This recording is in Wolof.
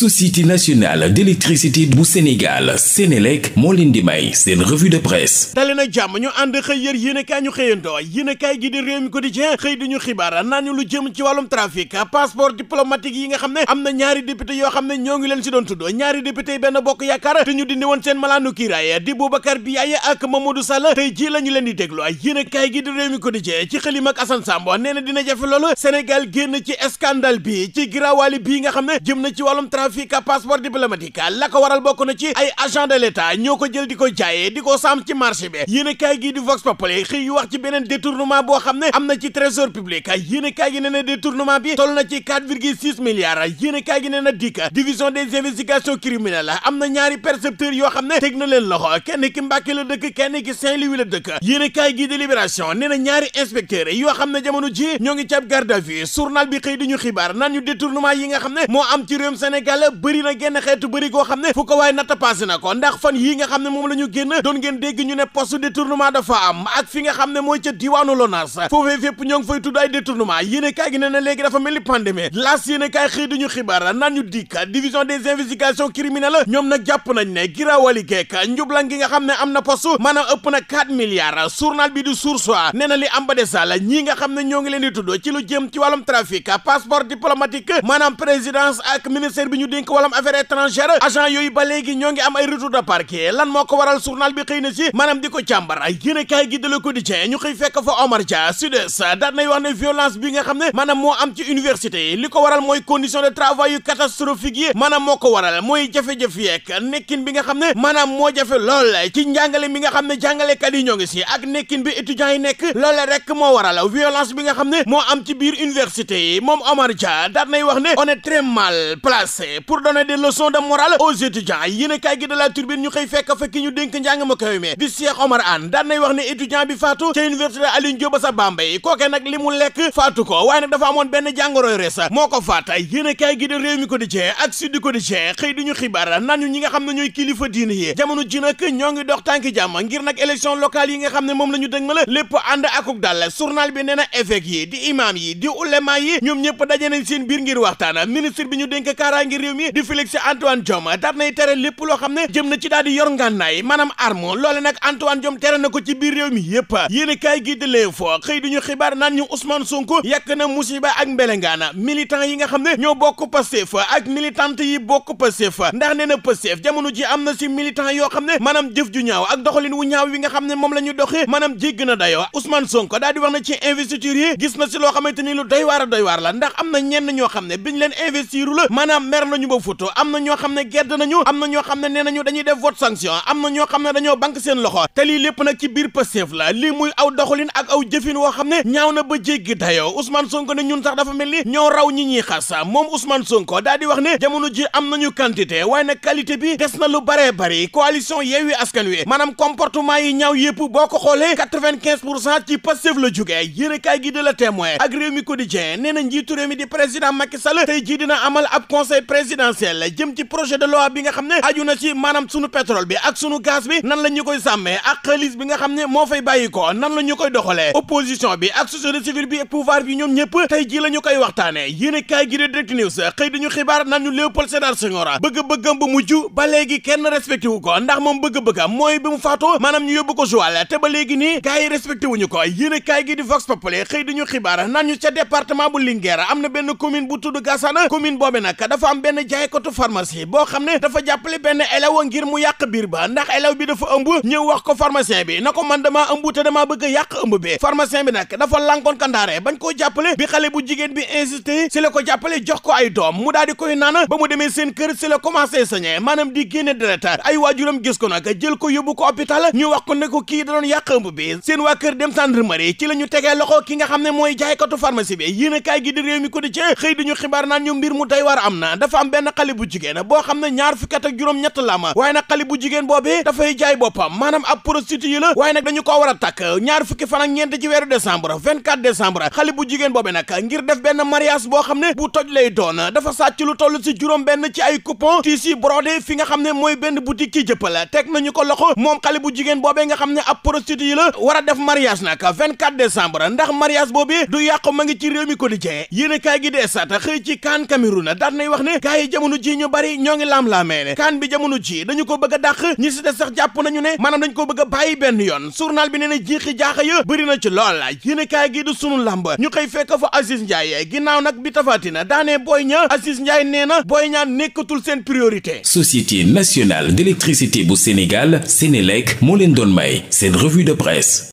société nationale d'électricité bu Sénégal Sénélec moo leen di may seen revue de presse dali na jàmm ñu ànd xëy yër yéenekaay ñu xëyandoo yéenekaay gi di réew mi quotidien xëy di ñu xibaar naan ñu lu jëm ci wàllum trafic passeport diplomatique yi nga xam ne am na ñaari député yoo xam ne ñoo ngi leen si doon tudd ñaari député benn bokk yaakaar te ñu dindi woon seen malaanu kiiraay di Boubacar Biaye ak Mamadou Sall tey ji la leen di déglu yéenekaay fii fika passeport diplomatique la ko waral bokk na ci ay agent de l'état ñoo ko jël di ko jaayee di ko sàmm ci marché bi yéen kaay gii di vox populi xëy yu wax ci beneen détournement boo xam ne am na ci trésor public yéen kaay gi ne na détournement bi toll na ci 4,6 milliards yéen kaay gi na dikk division des investigations criminelles am na ñaari percepteurs yoo xam ne teg na leen loxo kenn ki Mbàkke la dëkk kenn ki Saint-Louis la dëkk yéen kaay gii di libération nee na ñaari inspecteurs yoo xam ne jamono ji ñoo ngi ci ab garde à vue journal bi xëy xibaar naan ñu yi nga xam ne moo am ci réewum Sénégal la bëri na genn xeetu bëri goo xam ne fu ko waaye natt passé na ko ndax fan yii nga xam ne moom la génn doon ngeen dégg ñu ne poste détournement dafa am ak fi nga xam ne mooy ca diwaanu Lonas foofee fépp ñoo ngi fay tudd ay détournement yéene kaay gi ne na léegi dafa mel ni pandémie laas yéene kaay xëy diñu xibaar naan ñu dikk division des investigations criminelles ñoom nag jàpp nañ ne giraawali geek njublan gi nga xam ne am na poste maanaam ëpp na 4 milliards A nee ñoo ngi leen di tudd ci lu jëm ci wàllum dénk wàllum affaire étrangère agent yooyu ba léegi ñoo ngi am ay retour de parquet lan moo ko waral journal bi xëy na si maanaam di ko càmbar yéen a kaay gi de Le ñu xëy fekk fa Omar Dia Sudes daat nay wax ne violence bi nga xam ne maanaam moo am ci université yi li ko waral mooy condition de travail yu catastrophique yi maanaam moo ko waral mooy jafe-jafe yeeg nekkin bi nga xam ne maanaam moo jafe lool ci njàngale mi nga xam ne jàngalekat yi ñoo ngi si ak nekkin bi étudiants yi nekk loole rek moo waral violence bi nga xam ne moo am ci biir université yi moom Omar Dia daat wax ne on est très mal placé pour donner de morale aux étudiants yéen a kaay gi de la ñu xëy fekk fa ki ñu dénk njàng ma kaw mi di Cheikh Omar Anne daan nay wax ne étudiant bi faatu ca université Alioune Diop ba sa kooke nag li mu lekk faatu ko waaye nag dafa amoon benn jàngoroy res moo ko faat yéen a kaay gi de réew mi ko di cee ak sud ko di cee xëy di ñu xibaar naan ñu ñi nga xam ne ñooy kilifa diine yi jamono ji nag ñoo ngi dox tànki jàmm ngir nag élection yi nga xam ne moom la ñu dëg ma lépp ànd akuk ñëpp daje nañ seen biir ngir waxtaan ministre réew mi di Félix Antoine Diome daat nay tere lépp loo xam ne jëm na ci daal yor ngànnaay maanaam arme loole nag Antoine Diome tere na ko ci biir réew mi yépp yéen i kaay gi de xëy duñu xibaar naan ñu Ousmane Sonko yàq na musiba ak mbelengaana militant yi nga xam ne ñoo bokk Pastef ak militante yi bokk Pastef ndax nee na Pastef jamono ji am na si militant yoo xam ne maanaam jëf ju ñaaw ak doxalin wu ñaaw wi nga xam ne moom la ñu yi gis a doy waar am na ñu ba futu am na ñoo xam ne gedd nañu am na ñoo xam ne nee nañu dañuy def vote sanction am na ñoo xam ne dañoo bank seen loxo te lii lépp nag ci biir Pastef la lii muy aw doxalin ak aw jëfin woo xam ne ñaaw na ba jéggi dayoo Ousmane Sonko ne ñun sax dafa mel ni ñoo raw ñi ñuy xas moom Ousmane Sonko daal di wax ne jamono ji am nañu quantité waaye nag qualité bi des na lu baree bari coalition Yewwi Askan Wi maanaam comportement yi ñaaw yëpp boo ko xoolee présidentielle jëm ci projet de loi bi nga xam ne aju na ci maanaam sunu pétrole bi ak sunu gaz bi nan la ñu koy sàmmee ak xaalis bi nga xam ne moo fay bàyyi ko nan la ñu koy doxalee opposition bi ak société civile bi pouvoir bi ñoom ñëpp tey jii la ñu koy waxtaanee yéen a gi de direct news xëy dañu xibaar naan ñu Léopold Sédar Senghor bëgg-bëggam ba mujj ba léegi kenn respecté wu ko ndax moom bëgg-bëggam mooy bi mu faatoo maanaam ñu yóbbu ko Joal te ba léegi nii gars yi respecté wuñu ko yéen a gi di Vox Populi xëy xibaar naan ñu ca département bu Linguère am na benn commune bu tudd Gassana commune boobe nag dafa am benn jaaykatu pharmacie boo xam ne dafa jàppale benn elew ngir mu yàq biir ba ndax elew bi dafa ëmb ñëw wax ko pharmacien bi na ko man damaa ëmb te damaa bëgg a bi pharmacien bi nag dafa lànkoon kandaare bañ koo jàppale bi xale bu jigéen bi insisté si la ko jàppale jox ko ay doom mu daal di koy naan ba mu demee seen kër si la commencé sañe maanaam di génne deret ay waajuram gis ko nag jël ko yóbbu ko hôpital ñu wax ko ne ko kii da doon yàq ëmb bi seen waa kër dem gendarmerie ci la ñu tegee loxo ki nga xam ne mooy jaaykatu pharmacie bi yéen a ñu xibaar naan ñu mbir mu day war am na am benn xale bu jigéen boo xam ne ñaar fukki at ak la ma waaye nag xale bu jigéen boobee dafay jaay boppam maanaam ab prostituée la waaye nag dañu ko war a takk ñaar fukki fan ak ñeent ci weeru décembre 24 décembre xale bu jigéen boobee nag ngir def benn mariage boo xam ne bu toj lay doon dafa sàcc lu toll si juróom benn ci ay coupon tissu brodé fi nga xam ne mooy benn boutique ci jëppala teg nañu ko loxo moom xale bu jigéen boobee nga xam ne ab yi la war a def mariage nag 24 décembre ndax mariage boobee du yàqu ma ngi ci réew mi quotidien a kaay gi dee sat xëy ci kaay jamono ji ñu bari ñoo ngi laam-laamee ne kaan bi jamono ji dañu ko bëgg a dàq ñi si des sax jàpp nañu ne maanaam dañu ko bëgg a bàyyi benn yoon journal bi nee na jiixi jaaxa ya bëri na ci lool yéen kaay gi du sunu làmb ñu xëy fekk fa Aziz Ndiaye ginnaaw nag bi tafaatina daanee Boy Niang Aziz Ndiaye nee na booy Niang nekkatul seen priorité Société nationale d'électricité bu Sénégal Sénélec moo leen doon may seen revue de presse